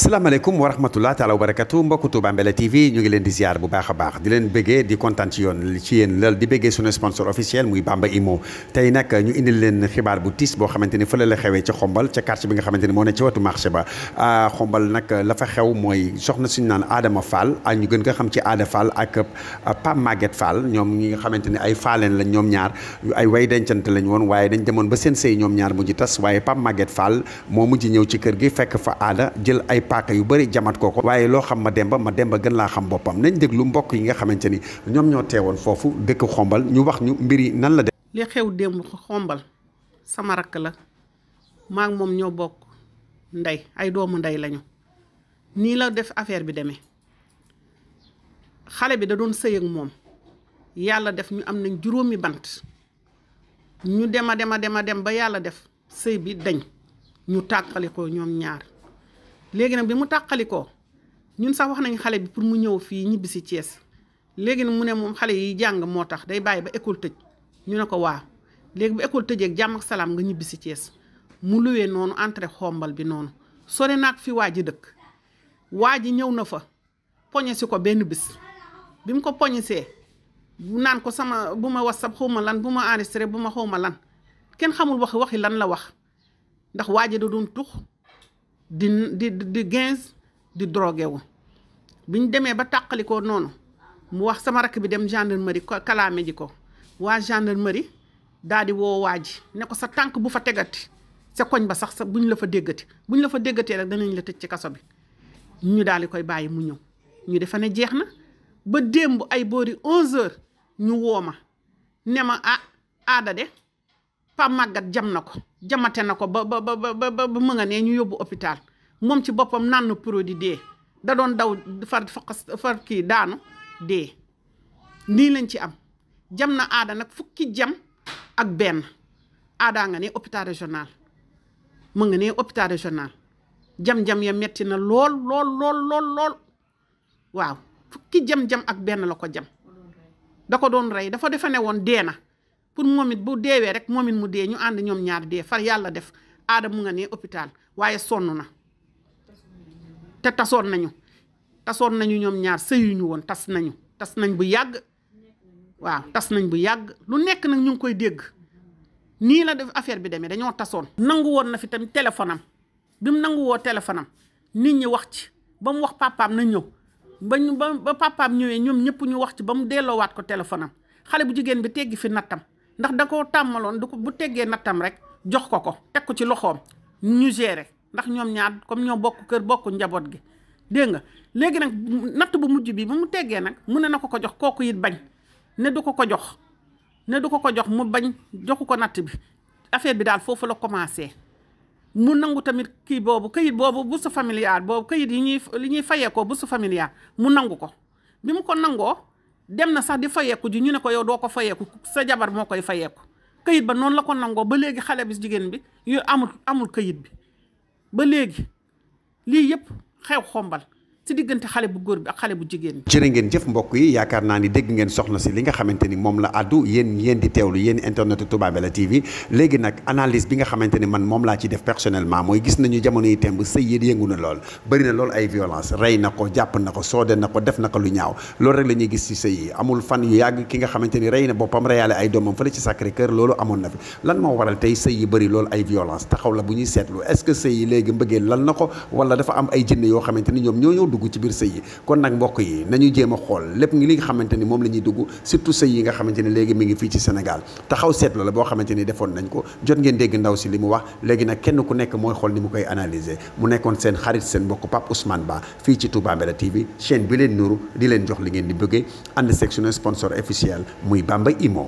salaamaaleykum wa rahmatulah taala wa barakatu mbokku Touba TV ñu ngi leen di ziar bu baax a baax di leen bëggee di kontaan ci yoon ci yéen lal di bëggee suñu sponsor officiel muy Bamba Imo tey nag ñu indil leen xibaar bu tiis boo xamante ni fële la xewee ca xombal ca quartier bi nga xamante moo ne ci wetu marché ba ah, xombal nag lafa xew mooy soxna suñu naan aadama faal ak ñu gën ko xam ci aada Fall ak ah, Pam Maguette Fall ñoom ñi nga xamante ni ay faaleen lañ ñoom ñaar ay way dencante lañ woon waaye dañ demoon ba seen sëy ñoom ñaar mujj tas waaye Pam Maguette Fall moo mujj ñëw ci kër gi fekk fa aada jël ay paaka yu bëri jamat ko ko waaye loo xam ma ba ma dem ba gën laa xam boppam nañ déglu mbokk yi nga xamante ni ñoom ñoo teewoon foofu dëkk xombal ñu wax ñu mbir yi nan la def li xew démb xombal sama rakk la maa moom ñoo bokk ndey ay doomu ndey lañu nii la def affaire bi demee xale bi da doon sëy ak moom yàlla def ñu am nañ juróomi bant ñu dema dema dema dem ba yàlla def sëy bi dañ ñu tàqali ko ñoom ñaar léegi nag bi mu ko ñun sax wax nañ xale bi pour mu ñëw fii ñibbi si cees léegi nag mu ne moom xale yi jàng moo tax day bàyyi ba école tëj ñu ne ko waa léegi bu école tëjee ak jàmm ak salaam nga ñibbi si cees mu luwee noonu entrée xombal bi noonu sore naag fi waa ji dëkk waa ji ñëw na fa poñesi ko benn bis bi mu ko poñesee naan ko sama bu ma whatsapp xaw ma lan bu ma enregistré bu ma xaw ma lan kenn xamul waxi waxi lan la wax ndax waa ji da doon tux di di di di drogué wu bi ñu demee ba tàqalikoo noonu mu wax sama rakk bi dem gendarmerie kalaame ji ko waa gendarmerie daal di woo waa ji ne ko sa tànk bu fa tegati sa koñ ba sax sa buñ la fa déggati buñ la fa déggatee rek danañ la tëj ci kaso bi ñu daal di koy bàyyi mu ñëw ñu defa ne jeex na ba démb ay boori 11h ñu woo ma ne ma ah aada de Pape Maguette jam na ko jamate na ko ba ba nee ñu yóbbu hôpital moom ci boppam naan produit dee da doon daw far far kii daanu dee nii lañ ci am jam na aada nag fukki jam ak benn aadaa nga ne hôpital régional mu nga nee hôpital régional jam-jam ya metti na lool lool lool waaw fukki jam-jam ak benn la ko jam da ko doon rey dafa defe ne woon dee na pour moom it bu deewee rek moom mu dee ñu ànd ñoom ñaar dee far yàlla def aada mu nga ne hôpital waaye sonn na te tasoon nañu tasoon nañu ñoom ñaar sëyuñu woon tas nañu tas nañ bu yàgg waaw tas nañ bu yàgg lu nekk nag ñu ngi koy dégg nii la def affaire bi demee dañoo tasoon nangu woon na fi tamit téléphone am bi mu nanguwoo woo téléphone am nit ñi wax ci ba mu wax papaam na ñëw ba ñu ba papaam ñëwee ñoom ñëpp ñu wax ci ba mu delloowaat ko téléphone xale bu jigéen bi teggi fi nattam ndax da koo tàmmaloon du ko bu teggee nattam rek jox ko ko teg ko ci loxoom ñu gérer ndax ñoom ñaar comme ñoo bokk kër bokk njaboot gi dégg nga léegi nag natt bu mujj bi bu mu teggee nag mu ne na ko ko jox kooku it bañ ne du ko ko jox ne du ko ko jox mu bañ joxu ko natt bi affaire bi daal foofu la commencé mu nangu tamit kii boobu këyit boobu bourse familiale boobu këyit yi ñuy li ñuy fayee ko bourse familiale mu nangu ko bi mu ko nangoo dem na sax di fayeeku ji ñu ne ko yow doo ko fayeeku sa jabar moo koy fayeeku këyit ba noonu la ko nangoo ba léegi xale bi jigéen bi yu amul amul këyit bi ba léegi lii yëpp xew xombal ci diggante xale bu góor bi ak xale bu jigéen bi. ngeen jëf mbokk yi yaakaar naa ni dégg ngeen soxna si li nga xamante moom la addu yéen yéen di teewlu yéen internet Touba Mbella TV léegi nag analyse bi nga xamante man moom laa ci def personnellement mooy gis nañu jamono yi temb sëy yéen yëngu na lool bëri na lool ay violence rey na ko jàpp na ko soode na ko def na ko lu ñaaw loolu rek la gis ci sëy yi amul fan yu yàgg ki nga xamante dugg ci biir sëy yi kon nag mbokk yi nañu jéem a xool lépp ngi li nga xamante ni moom la ñuy dugg surtout sëy yi nga xamante ni léegi mi ngi fii ci Sénégal taxaw seetlu la boo xamante ni defoon nañ ko jot ngeen dégg ndaw si li mu wax léegi nag kenn ku nekk mooy xool ni mu koy analyser mu nekkoon seen xarit seen mbokk Pape Ousmane Ba fii ci Touba Mbella TV chaîne bi leen nuru di leen jox li ngeen di bëggee ànd section sponsor officiel muy Bamba Imo